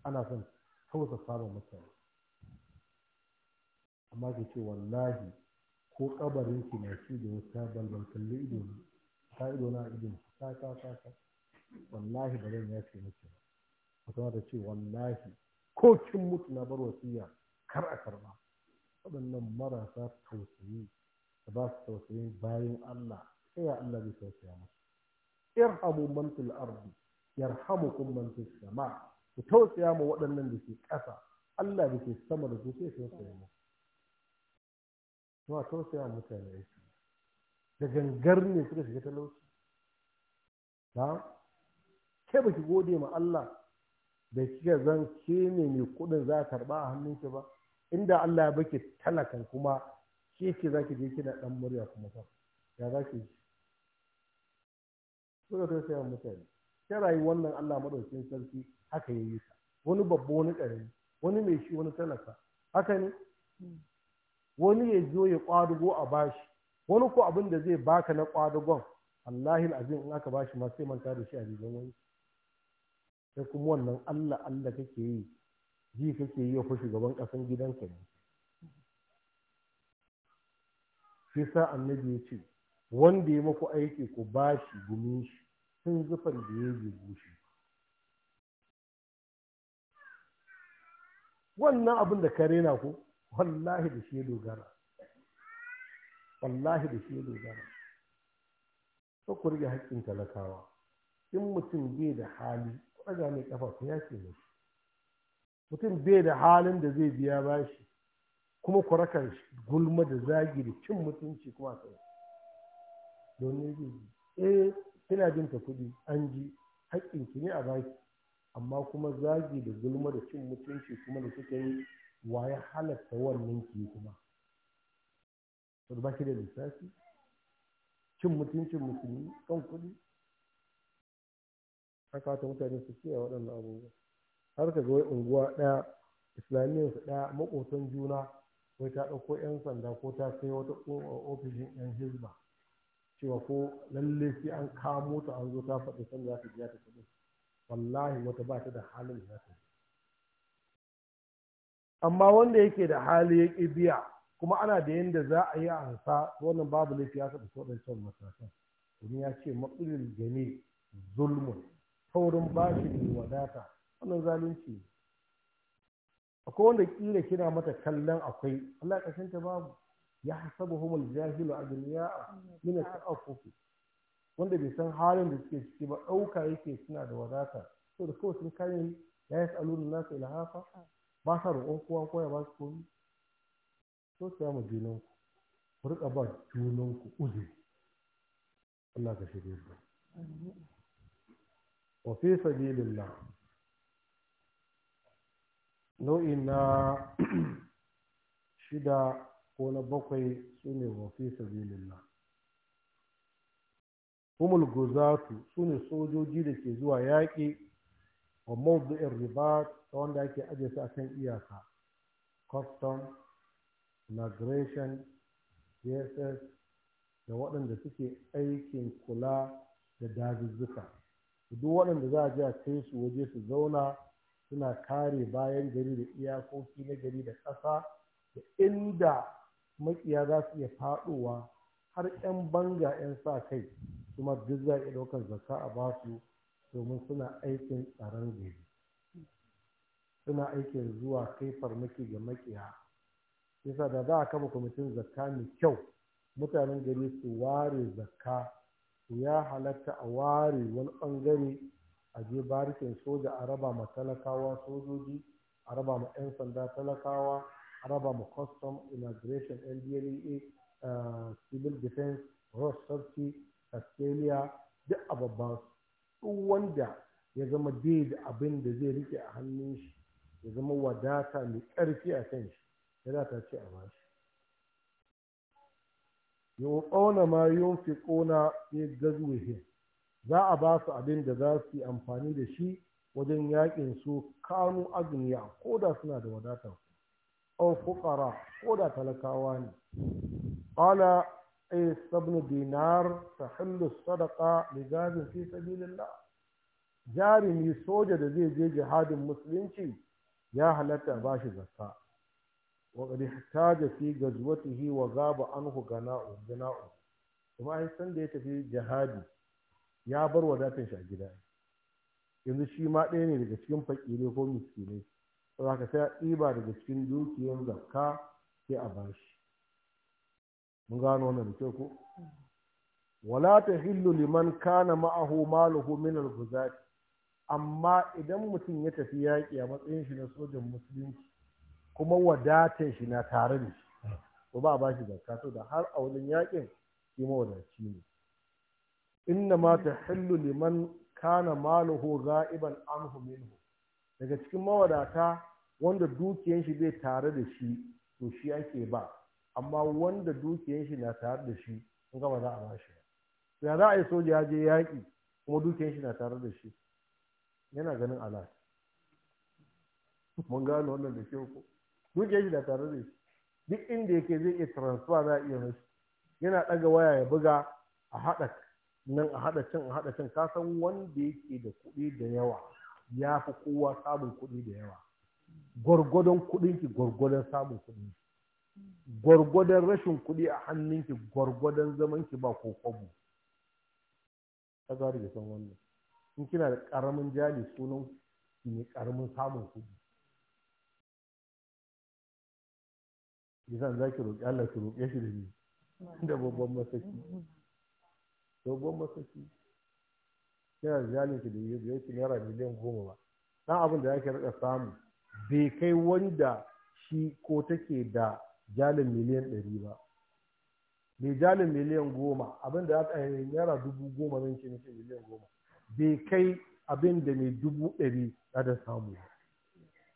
ana son tausa samun mutane amma ke ce wallahi ko kabarin ki na shi da wata balbal kalli ido ta ido na ido ta ta ta ta wallahi ba zan yace mace ba wata da ce wallahi ko kin mutu na bar wasiya kar a karba waɗannan marasa tausayi da ba su tausayin bayan Allah sai ya Allah zai tausaya musu irhamu man fil ardi yarhamukum man fis sama ku tausaya ma waɗannan da ke ƙasa Allah da ke sama da su sai tausaya mu to tausaya mutane da gangar ne suka shiga talauci na ke baki gode ma Allah da kika zan ke ne mai kudin za a karba a hannunki ba inda Allah ya baki talakan kuma ke zaki za je kina dan murya kuma fa ya za ki suka sayan mutane ta rayu wannan Allah madaukakin sarki haka yayi sa. wani babba wani ƙarami wani mai shi wani talaka haka ne wani ya zo ya kwadugo a bashi wani ko abin da zai baka na kwadugon Allah azim in aka bashi ma sai manta da shi a jikin wani sai kuma wannan Allah Allah kake yi ji kake yi ko gaban kasan gidanka ne shi sa annabi ya ce wanda ya maku aiki ku bashi gumin shi sai zufan da ya yi wannan abin da ka rena ko wallahi da shi ya dogara wallahi da shi ya dogara so ku rage haƙƙin talakawa in mutum bai da hali ɗaga mai ƙafa ku ce mashi mutum bai da halin da zai biya bashi kuma ku raka gulma da zagi da cin mutunci kuma kai don ne eh kina jin ta kuɗi an ji haƙƙinki ne a baki amma kuma zagi da gulma da cin mutunci kuma da suka yi wa ya halatta wannan ki kuma to ba ki da lissafi cin mutuncin musulmi kan kuɗi haka ta mutane su a waɗannan abubuwa har ka ga wai unguwa ɗaya islamiyyar su ɗaya maƙotan juna wai ta ɗauko 'yan sanda ko ta kai wata ofishin 'yan hizba cewa ko lalle sai an kamo ta an zo ta faɗi san za ta biya ta kuɗin wallahi wata ba ta da halin za ta amma wanda yake da hali ya ƙi biya kuma ana da yadda za a yi a hansa wannan babu laifi ya faɗi waɗancan matakan domin ya ce matsalin gani zulmun taurin bashi ne wadata wannan zalunci ne akwai wanda kila kina mata kallon akwai Allah ya ta babu yahsabuhum aljahilu agniya min al-ta'affuf wanda bai san halin da suke ciki ba ɗauka yake suna da wadata to da kawai sun kai ya yi yasaluna nas ilhafa ba sa roƙon kowa ko ya ba su komai to sai mu junan ku rika ba junan ku uzuri Allah ka shirye ku wa fi sabilillah nau'i na shida ko na bakwai su ne wafi sabilillah humul guzatu su ne sojoji da ke zuwa yaƙi wa mawdu'in riba ta wanda ake ajiye su a kan iyaka custom migration jss da waɗanda suke aikin kula da dazuzzuka duk waɗanda za a je a kai su waje su zauna suna kare bayan gari da iyakoki na gari da ƙasa da inda maƙiya za su iya faɗowa har 'yan banga 'yan sa kai kuma duk za a ɗaukar zakka a ba su domin suna aikin tsaron gari suna aikin zuwa kai farmaki ga maƙiya yasa da za a kama kwamitin zakka mai kyau mutanen gari su ware zakka su ya halatta a ware wani ɓangare a je barikin soja a raba ma talakawa sojoji a raba ma 'yan sanda talakawa raba mu custom immigration ndlea uh, civil defense road safety australia duk a babban wanda ya zama bai da abin da zai rike a hannun shi ya zama wadata mai ƙarfi a kan shi ya za ta ce a bashi yunƙauna ma yunfiquna fi gazwihim za a ba su abin da za su yi amfani da shi wajen yakin su kanu azumi a koda suna da wadatar aw ko da talakawa ne qala isa ibn dinar tahillu sadaqa li jabir fi sabilillah jarumi soja da zai je jihadin musulunci ya halatta ba shi zakka wa qad ihtaja fi gazwatihi wa ghaba anhu gana'u gana'u kuma ai san da ya tafi jihadi ya bar wadatar shi a gida yanzu shi ma ɗaya ne daga cikin fakire ko miskinai saboda sai a ɗiba daga cikin dukiyar zakka sai a bashi mun gano wannan da kyau ko wala ta hillu liman kana ma'ahu maluhu min al amma idan mutum ya tafi yaki a matsayin shi na sojan musulunci kuma wadatar shi na tare da shi Ko ba a bashi zakka to da har a wajen yakin shi mawadaci ne inna ma ta hillu liman kana maluhu ga'iban anhu minhu daga cikin mawadata wanda dukiyan shi bai tare da shi to shi ake ba amma wanda dukiyan shi na tare da shi in gama za a ba shi ya za a yi soja ya je yaƙi kuma dukiyan shi na tare da shi yana ganin ala mun gano wannan da kyau ko dukiyan shi na tare da shi duk inda yake zai iya transfer za a iya mashi yana ɗaga waya ya buga a haɗa nan a haɗa can a haɗa can ka san wanda yake da kuɗi da yawa ya fi kowa samun kuɗi da yawa gwargwadon kuɗinki gwargwadon samun kuɗinki gwargwadon rashin kuɗi a hannunki gwargwadon zamanki ba ko kwabo ta za da san wannan in kina da ƙaramin jari sunan ki ne ƙaramin samun kuɗi idan za ki roƙi Allah ki roƙe shi da ni da babban masaki babban masaki kina da jarinki da yi ki naira miliyan goma ba ɗan abin da za ki riƙa samu bai kai wanda shi ko take da jalin miliyan ɗari ba mai jalin miliyan goma abin da aka yi naira dubu goma zan ce nake miliyan goma bai kai abin da mai dubu ɗari za da samu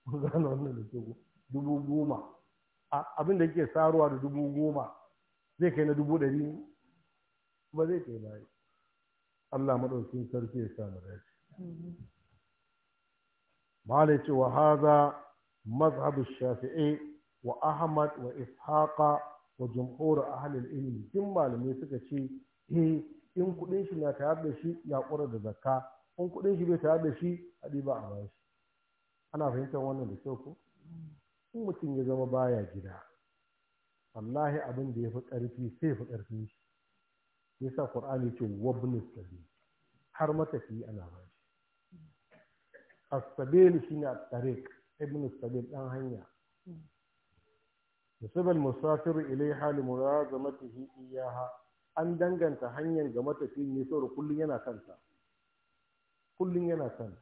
ba gano wannan da ke dubu goma abin da ke saruwa da dubu goma zai kai na dubu ɗari ba zai kai yi. Allah maɗaukin sarki ya sa mu dace malai ce wa haza mazhabu shafi'i wa ahmad wa ishaqa wa jumhur ahli al-ilm tun malamai suka ce eh in kudin shi na tayar da shi ya kura da zakka in kudin shi bai tayar da shi a ba a bashi ana fahimtar wannan da kyau ko in mutum ya zama baya gida wallahi abin da ya fi ƙarfi sai ya fi ƙarfi shi yasa qur'ani ce wabnu sabi har matafi ana ba as shi ne at-tariq ibn as-sabil hanya yusuf al ilaiha li murazamatihi iyaha an danganta hanyar ga matafi ne saboda kullum yana kanta kullum yana kanta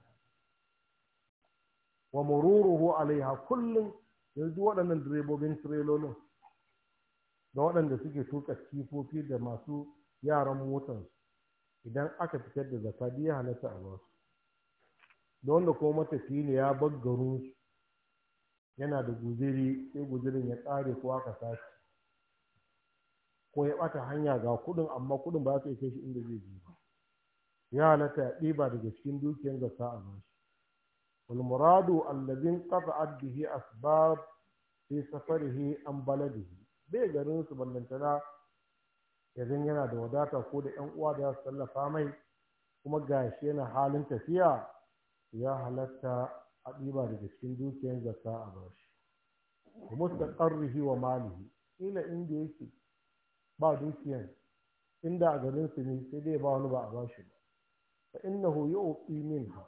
wa mururuhu alaiha kullum yanzu waɗannan direbobin tirelolin da waɗanda suke tuka kifofi da masu yaran motar idan aka fitar da zakka ya halatta a basu da wanda kuma matafi ne ya bar yana da guziri sai guzirin ya tsare ko aka sace ko ya ɓata hanya ga kuɗin amma kuɗin ba su iya shi inda zai je ba ya halatta ya ɗiba daga cikin dukiyar da sa a bashi walmuradu allazin kafa addihi asbab fi safarihi an baladihi bai garin su ballantana ya yana da wadata ko da yan uwa da su tallafa mai kuma gashi yana halin tafiya ya halatta a ɗiba daga cikin dukiyar zakka a bashi musta mustaqarrihi wa malihi ila inda yake ba dukiyar inda a garin su ne sai dai ba wani ba a bashi ba fa innahu yu'ti minha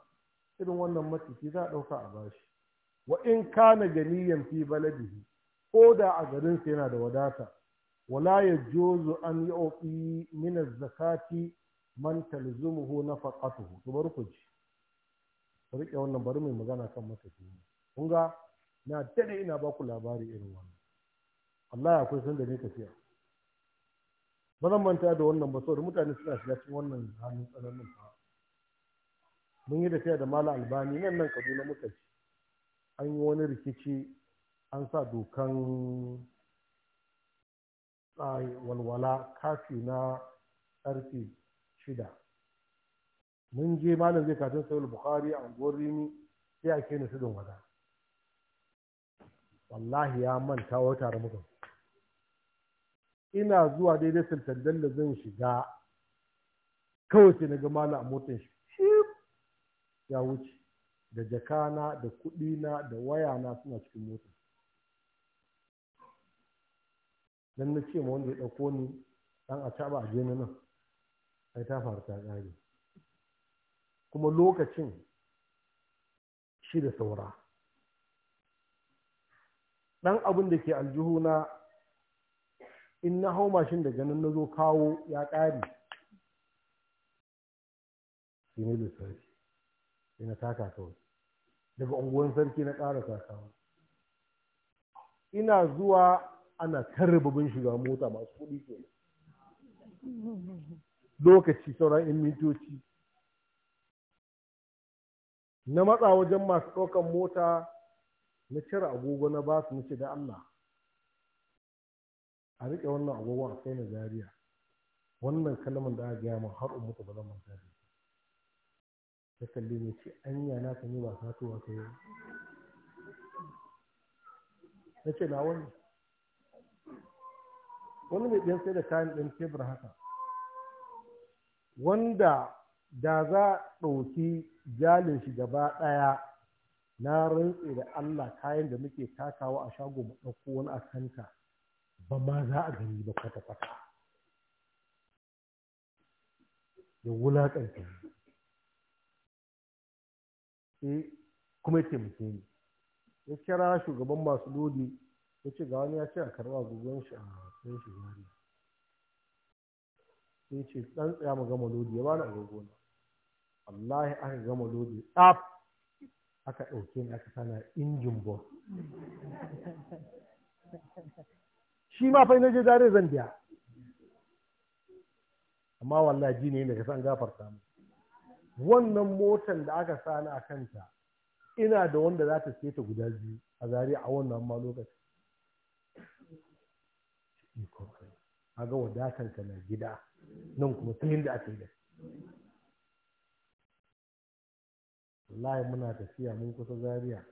irin wannan matuki za a ɗauka a bashi wa in kana ganiyan fi baladihi ko da a garin sa yana da wadata wala ya yajuzu an yu'ti min az-zakati man talzumuhu nafaqatuhu to bar ku ji ku riƙe wannan bari mai magana kan matafi kun ga na daɗe ina baku labari irin wannan Allah ya akwai san da ni tafiya ba zan manta da wannan ba saboda mutane suna shiga cikin wannan halin tsananin fa mun yi tafiya da malam albani nan nan kaduna muka ci an yi wani rikici an sa dokan walwala kafi na ƙarfe shida mun je malam zai katin sayar bukhari a unguwar rimi sai a kai don wada wallahi ya manta wa tare muka ina zuwa daidai sultan da zan shiga kawai sai na ga malam a motar shi ya wuce da jakana da kudina, da wayana suna cikin motar dan na ce ma wanda ya ɗauko ni dan a taɓa a je nan ai ta faru ta ƙare kuma lokacin shi da saura ɗan abin da ke aljihu na, in na hau mashin da ganin na zo kawo ya ƙari shi ne sarki shi na taka kawai daga unguwan sarki na ƙara takawa ina zuwa ana karrababin shiga mota masu kuɗi ke lokaci sauran 'yan mitoci. na matsa wajen masu ɗaukan mota na cire agogo na basu na ce da Allah a riƙe wannan agogon a kai na wannan kalmar da aka gaya min har in mutu ba zan manta da ta kalli ne ce anya na ta ba sa tuwa ta yi na ce na wani wani mai ɗan sai da kayan ɗan tebur haka wanda da za a ɗauki jalin shi gaba ɗaya na rantse da Allah kayan da muke takawa a shago mu ɗauko wani a kanta ba ma za a gani ba kwata-kwata da wulaƙanta e kuma ya taimake ni ya kira shugaban masu lodi ya ce ga wani ya ce a karɓa gugun shi a sai shi sai ce ɗan tsaya mu gama lodi ya bani agogona wallahi aka gama lodi tsaf aka ɗauke ni aka sana injin bor shi ma fa je zare zan biya amma wallahi ji ne daga san gafarta mu wannan motar da aka sani a kanta ina da wanda za ta ta guda biyu a zari a wannan ma lokaci a ga wadatan ka na gida nan kuma tun da aka yi da wallahi muna tafiya mun kusa zaria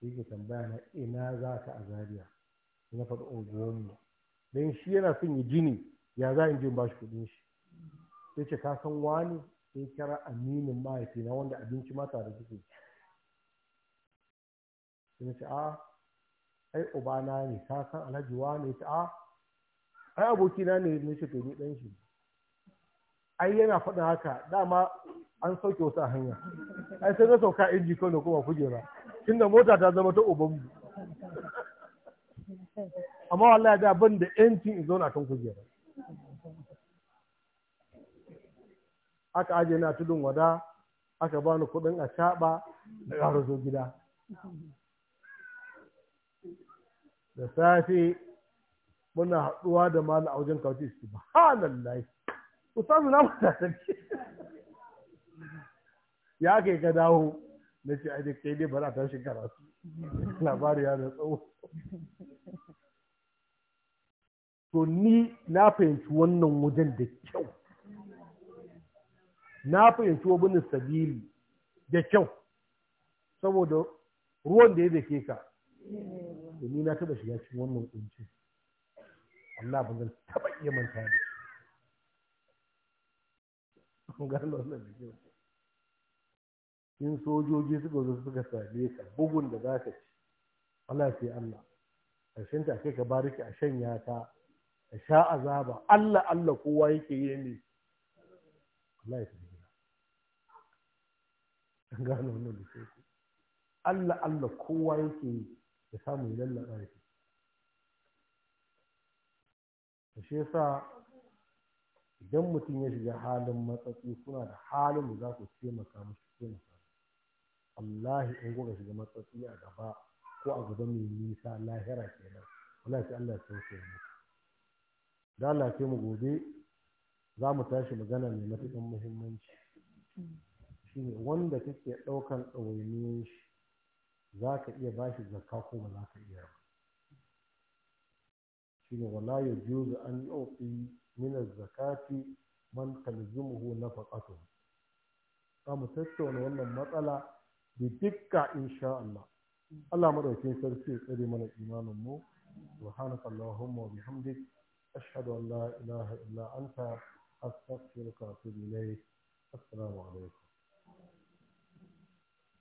ke tambaya na ina za ka a zaria na faɗi oh, mu don shi yana son ya jini ya za in je ba shi kuɗin shi sai ce ka san wani sai kira aminin mahaifina wanda abinci mata da suke sai ce a ai ubana ne ka san alhaji wani ta a ai abokina ne na ce to ni ɗan shi ai yana faɗin haka dama an sauke wasu a hanya ai sai na sauka inji kano kuma kujera tunda mota ta zama ta ubanmu amma wallahi da ban da yancin in zauna kan kujera aka aje na tudun wada aka bani kudin a caba da ƙaraso gida da safe muna haɗuwa da malam a wajen kawai subhanallah ustazu na mutane ya kai ka dawo na ce ai kai dai ba za ta shi karatu labari ya da tsawo to ni na fahimci wannan wajen da kyau na fahimci wabinin sabili da kyau saboda ruwan da ya dake ka ni na taba shiga cikin wannan kunci Allah ba zan taba iya manta da in sojoji suka zo suka same ka bugun da za ka ci Allah sai Allah ƙarshen ta kai ka bariki a shanya ka a sha azaba Allah Allah kowa yake yi ne Allah ya fi gida an gano wannan da sai Allah Allah kowa yake yi ya samu ya lallaba shi shi yasa idan mutum ya shiga halin matsatsi kuna da halin da za ku taimaka mashi taimaka wallahi in kuka shiga matsatsi a gaba ko a gaba mai nisa lahira kenan wallahi Allah ya sauke mu da Allah sai mu gobe za mu tashi magana mai matukan muhimmanci shine wanda kake ɗaukan ɗawainiyin shi za ka iya ba shi zakka ko ba za ka iya ba shine wala ya juzu an yi min zakati man talzumuhu nafaqatuhu ba mu tattauna wannan matsala bi dukka insha Allah Allah madaukakin sarki ya tsare mana imanin mu subhanaka allahumma wa bihamdik ashhadu an la ilaha illa anta astaghfiruka wa atubu ilayk assalamu alaikum